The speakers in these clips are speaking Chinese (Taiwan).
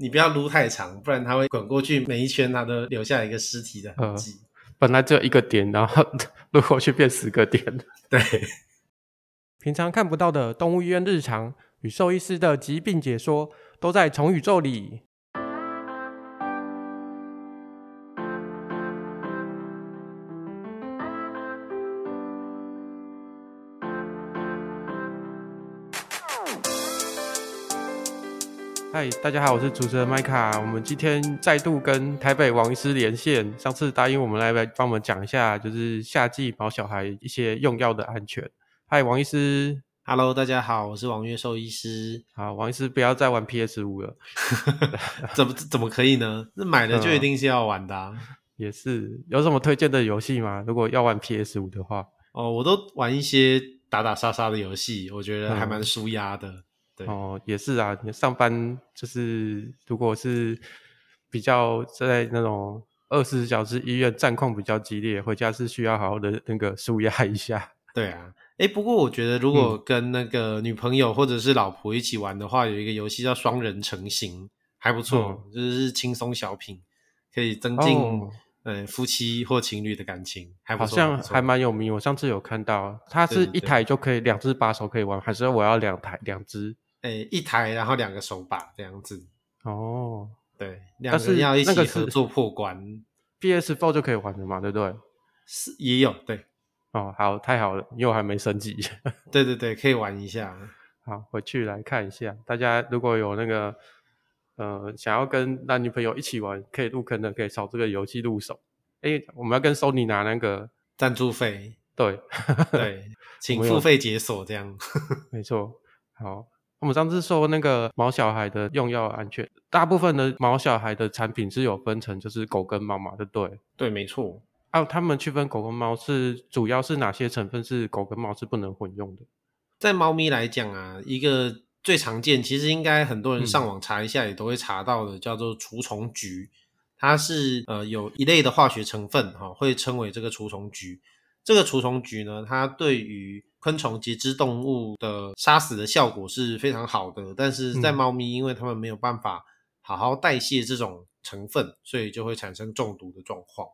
你不要擼太長，不然它會滾過去，每一圈它都留下一個屍體的痕跡、呃。本來只有一個點，然後擼過去變十個點了。對，平常看不到的動物醫院日常與獸醫師的疾病解說，都在蟲宇宙裡。嗨，Hi, 大家好，我是主持人麥卡。我們今天再度跟台北王醫師連線，上次答應我們來來幫我們講一下，就是夏季保小孩一些用藥的安全。嗨，王醫師，Hello，大家好，我是王嶽獸醫師。好，王醫師，不要再玩 PS 五了。 怎麼怎麼可以呢？那買的就一定是要玩的、啊嗯。也是，有什麼推薦的遊戲嗎？如果要玩 PS 五的話。哦，oh, 我都玩一些打打殺殺的遊戲，我覺得還蠻紓壓的。嗯對哦，也是啊，你上班就是如果是比較在那種二十四小時醫院戰況比較激烈，回家是需要好好的那個舒壓一下。對啊，誒、欸，不過我覺得如果跟那個女朋友或者是老婆一起玩的話，嗯、有一個遊戲叫雙人成行，還不錯，嗯、就是輕鬆小品，可以增進呃、哦嗯、夫妻或情侶的感情，還不錯，好像還蠻有名。我上次有看到，它是一台就可以兩只把手可以玩，還是我要兩台兩只？哎，一台，然後兩個手把這樣子哦。對，兩個你要一起合作破關，那個，PS4 就可以玩了嘛，對不對？是，也有對。哦，好，太好了，因為我還沒升級。對對對，可以玩一下。好，回去來看一下。大家如果有那個呃，想要跟男女朋友一起玩，可以入坑的，可以從這個遊戲入手。哎，我們要跟 Sony 拿那個贊助費。對，對， 請付費解鎖這樣。沒，沒錯，好。我們上次說那個毛小孩的用藥安全，大部分的毛小孩的產品是有分成，就是狗跟貓嘛，對不對？對，沒錯。啊，他們區分狗跟貓是主要是哪些成分？是狗跟貓是不能混用的。在貓咪來講啊，一個最常見，其實應該很多人上網查一下也都會查到的，嗯、叫做除蟲菊，它是呃有一類的化學成分哈、哦，會稱為這個除蟲菊。這個除蟲菊呢，它對於昆蟲、節肢動物的殺死的效果是非常好的，但是在貓咪，因為它們沒有辦法好好代謝這種成分，嗯、所以就會產生中毒的狀況。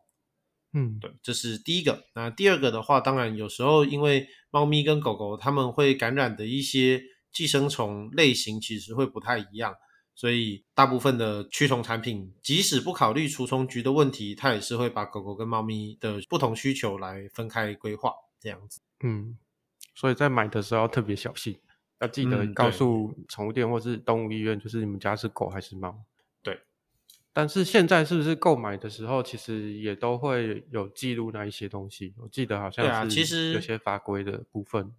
嗯，對，這是第一個。那第二個的話，當然有時候因為貓咪跟狗狗它們會感染的一些寄生蟲類型其實會不太一樣，所以大部分的驅蟲產品，即使不考慮除蟲菊的問題，它也是會把狗狗跟貓咪的不同需求來分開規劃，這樣子。嗯。所以在買的時候要特別小心，要記得告訴寵物店或是動物醫院，嗯、就是你們家是狗還是貓。對，但是現在是不是購買的時候，其實也都會有記錄那一些東西？我記得好像是，其實有些法規的部分、啊，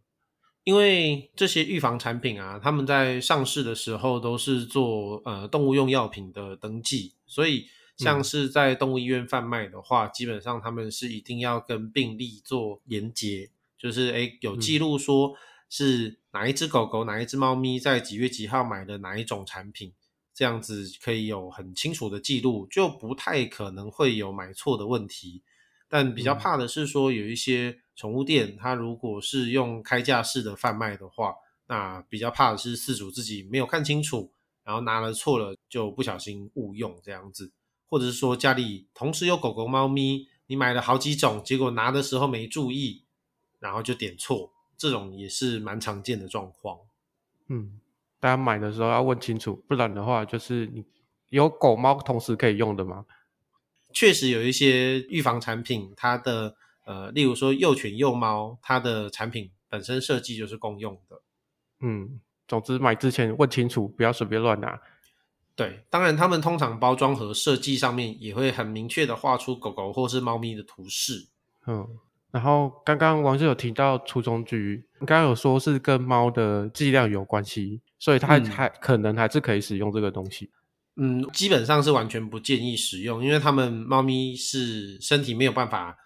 因為這些預防產品啊，他們在上市的時候都是做呃動物用藥品的登記，所以像是在動物醫院販賣的話，嗯、基本上他們是一定要跟病歷做連結。就是誒有記錄說，是哪一只狗狗，哪一只貓咪在幾月幾號買的哪一種產品，這樣子可以有很清楚的記錄，就不太可能會有買錯的問題。但比較怕的是說，有一些寵物店，嗯、它如果是用開架式的販賣的話，那比較怕的是飼主自己沒有看清楚，然後拿了錯了，就不小心誤用這樣子，或者是說家裡同時有狗狗，貓咪，你買了好幾種，結果拿的時候沒注意。然後就點錯，這種也是蠻常見的狀況。嗯，大家買的時候要問清楚，不然的話就是你有狗貓同時可以用的嗎？確實有一些預防產品，它的呃，例如說幼犬、幼貓，它的產品本身設計就是共用的。嗯，總之買之前問清楚，不要隨便亂拿。對，當然他們通常包裝盒設計上面也會很明確的畫出狗狗或是貓咪的圖示。嗯。然後剛剛王嶽有提到，除蟲菊，剛剛有說是跟貓的劑量有關係，所以它還,、嗯、還可能還是可以使用這個東西。嗯，基本上是完全不建議使用，因為它們貓咪是身體沒有辦法，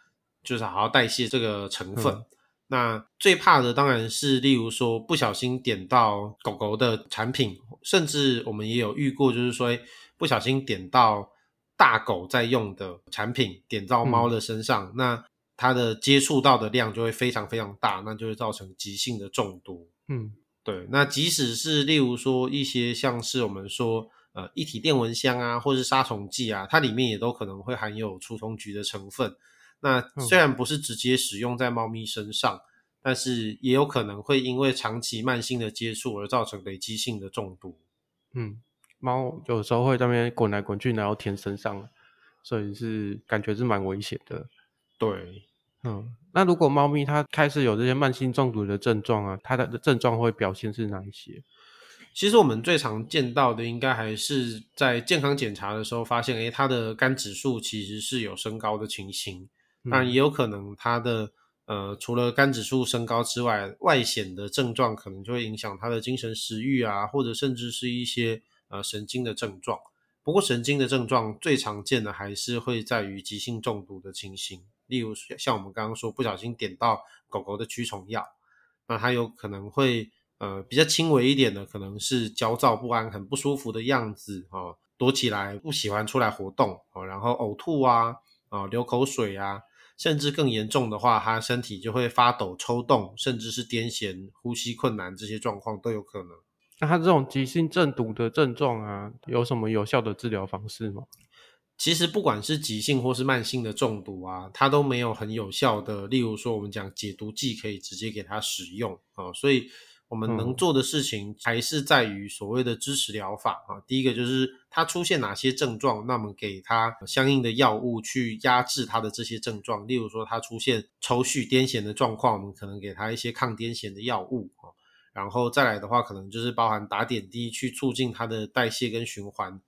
就是好好代謝這個成分。嗯、那最怕的當然是，例如說不小心點到狗狗的產品，甚至我們也有遇過，就是說不小心點到大狗在用的產品，點到貓的身上，嗯、那。它的接觸到的量就會非常非常大，那就會造成急性的中毒。嗯，對。那即使是例如說一些像是我們說呃一體電蚊香啊，或是殺蟲劑啊，它裡面也都可能會含有除蟲菊的成分。那雖然不是直接使用在貓咪身上，嗯、但是也有可能會因為長期慢性的接觸而造成累積性的中毒。嗯，貓有時候會在那邊滾來滾去，然後舔身上，所以是感覺是蠻危險的。對。嗯，那如果貓咪它開始有這些慢性中毒的症狀啊，它的症狀會表現是哪一些？其實我們最常見到的，應該還是在健康檢查的時候發現，誒，它的肝指數其實是有升高的情形。嗯。但也有可能它的呃，除了肝指數升高之外，外顯的症狀可能就會影響它的精神、食慾啊，或者甚至是一些呃神經的症狀。不過神經的症狀最常見的還是會在於急性中毒的情形。例如像我們剛剛說，不小心點到狗狗的驅蟲藥，那它有可能會呃比較輕微一點的，可能是焦躁不安、很不舒服的樣子，哦，躲起來，不喜歡出來活動，哦，然後嘔吐啊啊，哦，流口水啊，甚至更嚴重的話，它身體就會發抖、抽動，甚至是癲癇、呼吸困難這些狀況都有可能。那它這種急性中毒的症狀啊，有什麼有效的治療方式嗎？其實不管是急性或是慢性的中毒啊，它都沒有很有效的。例如說，我們講解毒劑可以直接給它使用啊、哦，所以我們能做的事情還是在於所謂的支持療法啊、哦。第一個就是它出現哪些症狀，那麼給它相應的藥物去壓制它的這些症狀。例如說，它出現抽搐癲癇的狀況，我們可能給它一些抗癲癇的藥物啊、哦。然後再來的話，可能就是包含打點滴去促進它的代謝跟循環。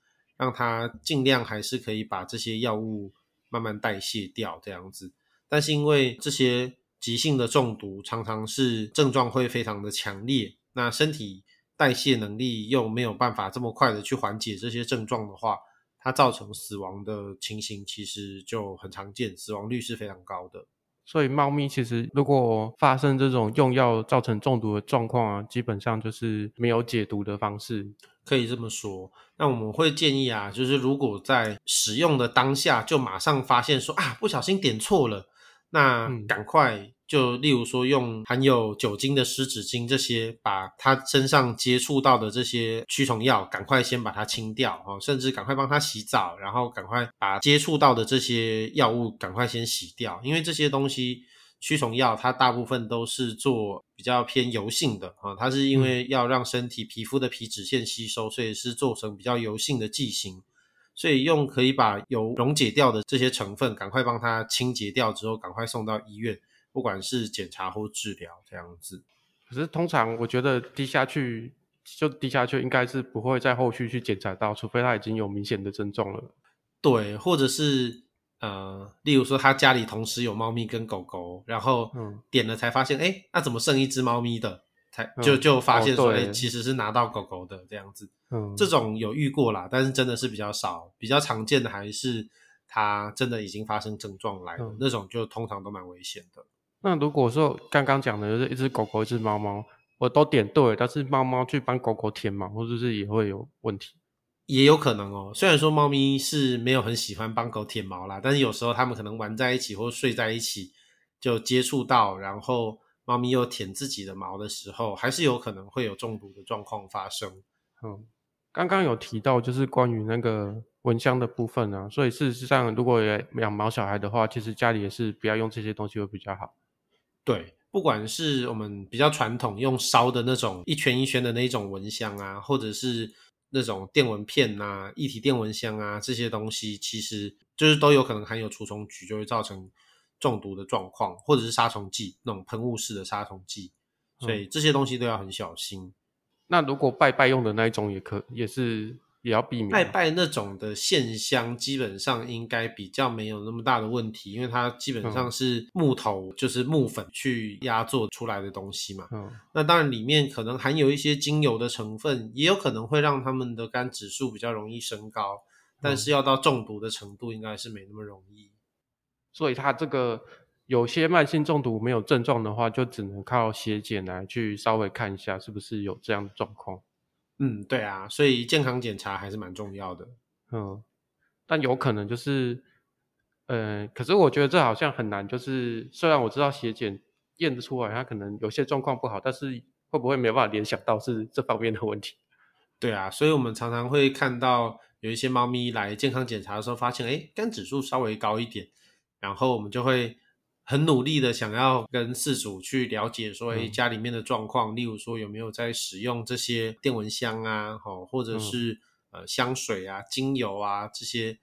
讓它盡量還是可以把這些藥物慢慢代謝掉，這樣子。但是因為這些急性的中毒常常是症狀會非常的強烈，那身體代謝能力又沒有辦法這麼快的去緩解這些症狀的話，它造成死亡的情形其實就很常見，死亡率是非常高的。所以貓咪其實如果發生這種用藥造成中毒的狀況啊，基本上就是沒有解毒的方式。可以這麼說，那我們會建議啊，就是如果在使用的當下就馬上發現說啊，不小心點錯了，那趕快就例如說用含有酒精的濕紙巾這些，把他身上接觸到的這些驅蟲藥趕快先把它清掉啊，甚至趕快幫他洗澡，然後趕快把接觸到的這些藥物趕快先洗掉，因為這些東西。驅蟲藥它大部分都是做比較偏油性的啊、哦，它是因為要讓身體、嗯、皮膚的皮脂腺吸收，所以是做成比較油性的劑型，所以用可以把油溶解掉的這些成分，趕快幫它清潔掉之後，趕快送到醫院，不管是檢查或治療這樣子。可是通常我覺得滴下去就滴下去，應該是不會在後續去檢查到，除非它已經有明顯的症狀了。對，或者是。呃，例如說他家裡同時有貓咪跟狗狗，然後點了才發現，哎、嗯，那、啊、怎麼剩一只貓咪的？才、嗯、就就發現說、哦、誒其實是拿到狗狗的這樣子。嗯，這種有遇過啦，但是真的是比較少，比較常見的還是它真的已經發生症狀來了、嗯、那種，就通常都蠻危險的。那如果說剛剛講的就是一只狗狗一只貓貓，我都點對，但是貓貓去幫狗狗舔毛，或者是，是也會有問題？也有可能哦，雖然說貓咪是沒有很喜歡幫狗舔毛啦，但是有時候它們可能玩在一起或睡在一起，就接觸到，然後貓咪又舔自己的毛的時候，還是有可能會有中毒的狀況發生。嗯，剛剛有提到就是關於那個蚊香的部分啊，所以事實上，如果養毛小孩的話，其實家裡也是不要用這些東西會比較好。對，不管是我們比較傳統用燒的那種一圈一圈的那種蚊香啊，或者是，那種電蚊片吶、啊、液體電蚊香啊，這些東西其實就是都有可能含有除蟲菊，就會造成中毒的狀況，或者是殺蟲劑那種噴霧式的殺蟲劑，所以這些東西都要很小心。嗯、那如果拜拜用的那一種，也可也是。也要避免。拜拜那種的線香基本上應該比較沒有那麼大的問題，因為它基本上是木頭，嗯、就是木粉去壓做出來的東西嘛。嗯，那當然裡面可能含有一些精油的成分，也有可能會讓他們的肝指數比較容易升高，嗯、但是要到中毒的程度應該是沒那麼容易。所以它這個有些慢性中毒沒有症狀的話，就只能靠血檢來去稍微看一下是不是有這樣的狀況。嗯，對啊，所以健康檢查還是蠻重要的。嗯，但有可能就是，呃，可是我覺得這好像很難。就是雖然我知道血檢驗得出來，它可能有些狀況不好，但是會不會沒有辦法聯想到是這方面的問題？對啊，所以我們常常會看到有一些貓咪來健康檢查的時候，發現，誒，肝指數稍微高一點，然後我們就會。很努力的想要跟事主去了解說，說、欸、哎家裡面的狀況，嗯、例如說有沒有在使用這些電蚊香啊，好，或者是、嗯、呃香水啊、精油啊這些，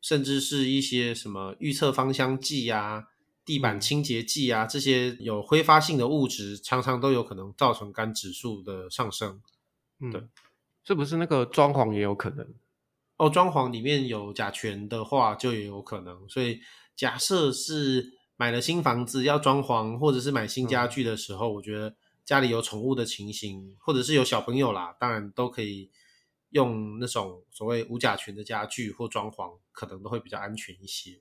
甚至是一些什麼預測芳香劑啊、地板清潔劑啊、嗯、這些有揮發性的物質，常常都有可能造成肝指數的上升。嗯，對，是不是那個裝潢也有可能？哦，裝潢裡面有甲醛的話就也有可能，所以假設是。買了新房子要裝潢，或者是買新家具的時候，嗯，我覺得家裡有寵物的情形，或者是有小朋友啦，當然都可以用那種所謂無甲醛的家具或裝潢，可能都會比較安全一些。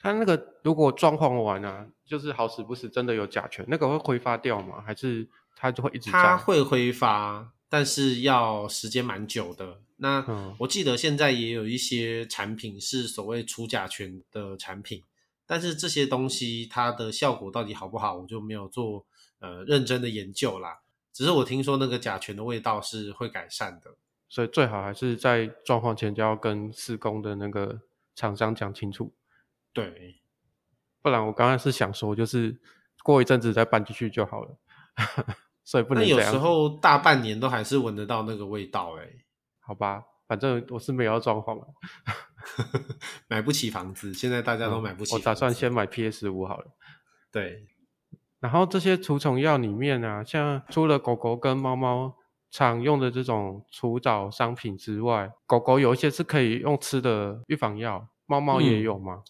它那個如果裝潢完啊，就是好死不死真的有甲醛，那個會揮發掉嗎？還是它就會一直發？它會揮發，但是要時間蠻久的。那我記得現在也有一些產品是所謂除甲醛的產品。但是這些東西它的效果到底好不好，我就沒有做呃認真的研究啦。只是我聽說那個甲醛的味道是會改善的，所以最好還是在裝潢前就要跟施工的那個廠商講清楚。對，不然我剛才是想說，就是過一陣子再搬進去就好了。 所以不能。那有時候大半年都還是聞得到那個味道誒、欸、好吧，反正我是沒有裝潢了。 買不起房子，現在大家都買不起房子，嗯。我打算先買 PS 五好了。對，然後這些除蟲藥裡面啊，像除了狗狗跟貓貓常用的這種除蚤商品之外，狗狗有一些是可以用吃的預防藥，貓貓也有嗎？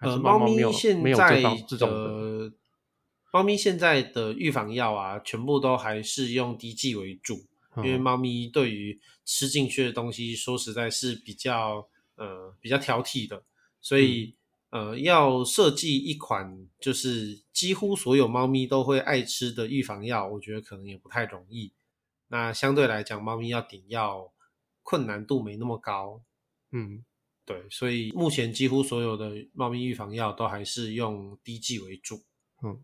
呃，貓咪現在的，呃、貓咪現在的預防藥啊，全部都還是用滴劑為主，嗯，因為貓咪對於吃進去的東西，說實在是比較。呃，比較挑剔的，所以、嗯、呃，要設計一款就是幾乎所有貓咪都會愛吃的預防藥，我覺得可能也不太容易。那相對來講，貓咪要點藥困難度沒那麼高，嗯，對。所以目前幾乎所有的貓咪預防藥都還是用滴劑為主，嗯。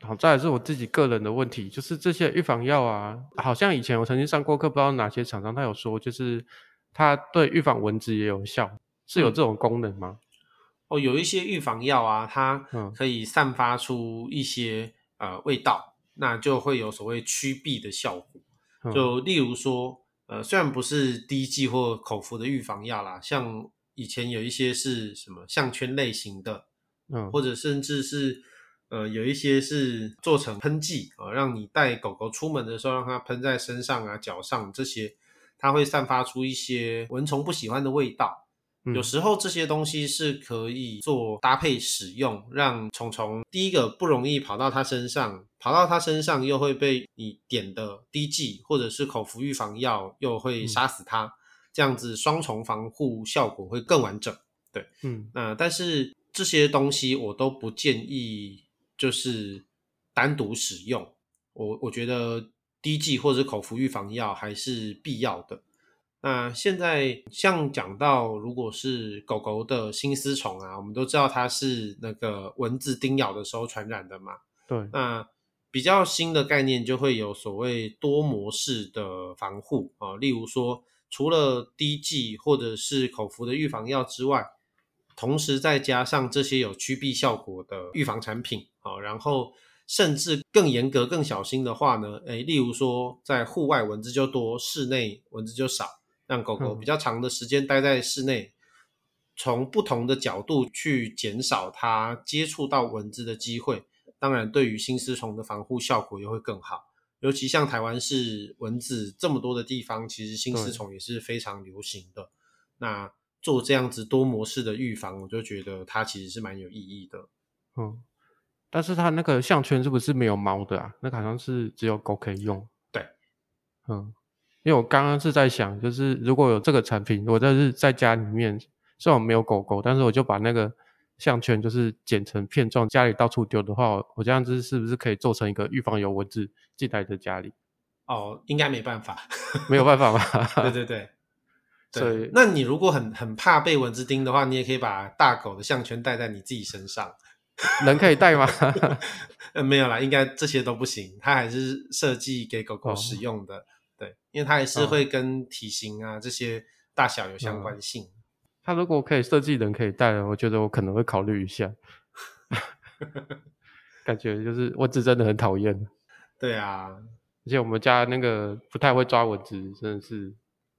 好，再來是我自己個人的問題，就是這些預防藥啊，好像以前我曾經上過課，不知道哪些廠商他有說，就是。它對預防蚊子也有效，是有這種功能嗎、嗯？哦，有一些預防藥啊，它可以散發出一些、嗯、呃味道，那就會有所謂驅避的效果。嗯、就例如說，呃，雖然不是滴劑或口服的預防藥啦，像以前有一些是什麼項圈類型的，嗯，或者甚至是呃有一些是做成噴劑啊、呃，讓你帶狗狗出門的時候讓它噴在身上啊、腳上這些。它會散發出一些蚊蟲不喜歡的味道，有時候這些東西是可以做搭配使用，讓蟲蟲第一個不容易跑到它身上，跑到它身上又會被你點的滴劑或者是口服預防藥又會殺死它，這樣子雙重防護效果會更完整。對，嗯，那但是這些東西我都不建議就是單獨使用，我我覺得。滴劑或者口服預防藥還是必要的。那現在像講到，如果是狗狗的心絲蟲啊，我們都知道它是那個蚊子叮咬的時候傳染的嘛。對。那比較新的概念就會有所謂多模式的防護啊、哦，例如說，除了滴劑或者是口服的預防藥之外，同時再加上這些有驅避效果的預防產品啊、哦，然後。甚至更嚴格、更小心的話呢，誒例如說，在戶外蚊子就多，室內蚊子就少，讓狗狗比較長的時間待在室內，嗯、從不同的角度去減少它接觸到蚊子的機會。當然，對於心絲蟲的防護效果也會更好。尤其像台灣是蚊子這麼多的地方，其實心絲蟲也是非常流行的。對那做這樣子多模式的預防，我就覺得它其實是蠻有意義的。嗯。但是它那個項圈是不是沒有貓的啊？那個、好像是只有狗可以用。對，嗯，因為我剛剛是在想，就是如果有這個產品，我這是在家裡面，雖然我沒有狗狗，但是我就把那個項圈就是剪成片狀，家裡到處丟的話，我這樣子是不是可以做成一個預防有蚊子進來在家裡？哦，應該沒辦法， 沒有辦法吧？ 對對對，所以對，那你如果很很怕被蚊子叮的話，你也可以把大狗的項圈戴在你自己身上。 人可以帶嗎？ 沒有啦，應該這些都不行。它還是設計給狗狗使用的，哦、對，因為它還是會跟體型啊、哦、這些大小有相關性。它、嗯、如果可以設計人可以帶的，我覺得我可能會考慮一下。 感覺就是蚊子真的很討厭。 對啊，而且我們家那個不太會抓蚊子，真的是，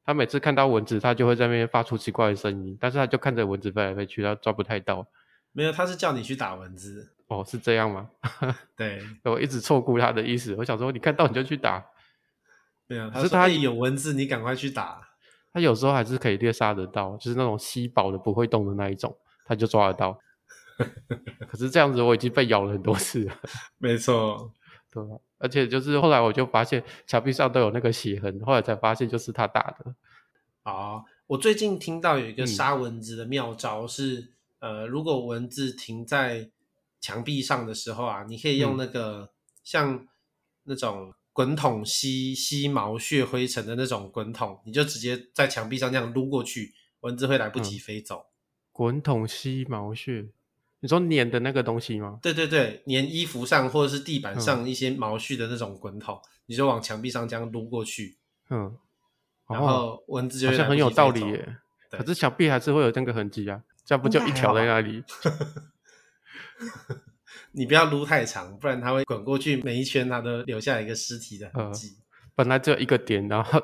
他每次看到蚊子，他就會在那邊發出奇怪的聲音，但是他就看着蚊子飛來飛去，他抓不太到。沒有，他是叫你去打蚊子。哦，是這樣嗎？ 對，我一直錯估他的意思。我想說，你看到你就去打，對啊，他說可是他、欸、有蚊子，你趕快去打。他有時候還是可以獵殺得到，就是那種吸飽的、不會動的那一種，他就抓得到。 可是這樣子，我已經被咬了很多次了。 沒錯，對，而且就是後來我就發現，牆壁上都有那個血痕，後來才發現就是他打的。哦，我最近聽到有一個殺蚊子的妙招是、嗯。呃，如果蚊子停在牆壁上的時候啊，你可以用那個像那種滾筒吸吸毛屑灰塵的那種滾筒，你就直接在牆壁上這樣擼過去，蚊子會來不及飛走。嗯、滾筒吸毛屑，你說粘的那個東西嗎？對對對，粘衣服上或者是地板上一些毛絮的那種滾筒，嗯、你就往牆壁上這樣擼過去。嗯，然後蚊子就是很有道理耶，對可是牆壁還是會有那個痕跡啊。這樣不就一條在那裡？你，還 你不要擼太長，不然它會滾過去，每一圈它都留下一個屍體的痕跡、呃。本來只有一個點，然後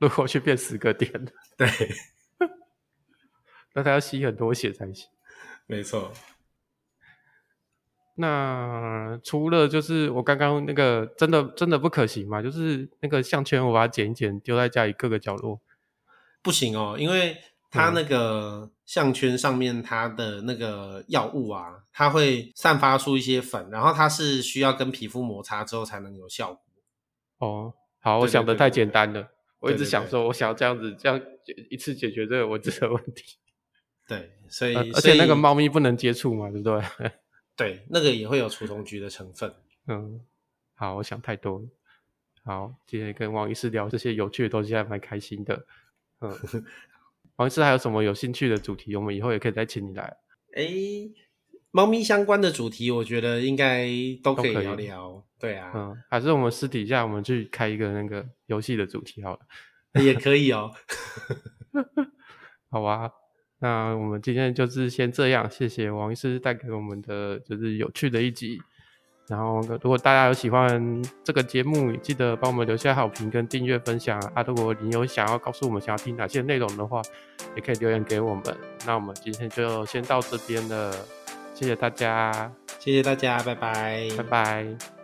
擼過去變十個點。對， 那它要吸很多血才行。沒錯錯。那除了就是我剛剛那個，真的真的不可行嘛？就是那個項圈，我把它剪一剪，丟在家裡各個角落，不行哦，因為。它那個項圈上面，它的那個藥物啊，它會散發出一些粉，然後它是需要跟皮膚摩擦之後才能有效果。哦，好，我想的太簡單了，我一直想說，我想要這樣子，對對對，這樣一次解決這個蚊子的問題。對，所以，、呃、所以而且那個貓咪不能接觸嘛，對不對？對，那個也會有除蟲菊的成分。嗯，好，我想太多了。好，今天跟王醫師聊這些有趣的東西，還蠻開心的。嗯。 王醫師還有什麼有興趣的主題，我們以後也可以再請你來。誒，貓咪相關的主題，我覺得應該都可以聊聊。對啊，嗯，還是我們私底下我們去開一個那個遊戲的主題好了，也可以哦、喔。 好啊，那我們今天就是先這樣，謝謝王醫師帶給我們的就是有趣的一集。然後，如果大家有喜歡這個節目，記得幫我們留下好評跟訂閱分享啊！如果你有想要告訴我們想要聽哪些內容的話，也可以留言給我們。那我們今天就先到這邊了，謝謝大家，謝謝大家，拜拜，拜拜。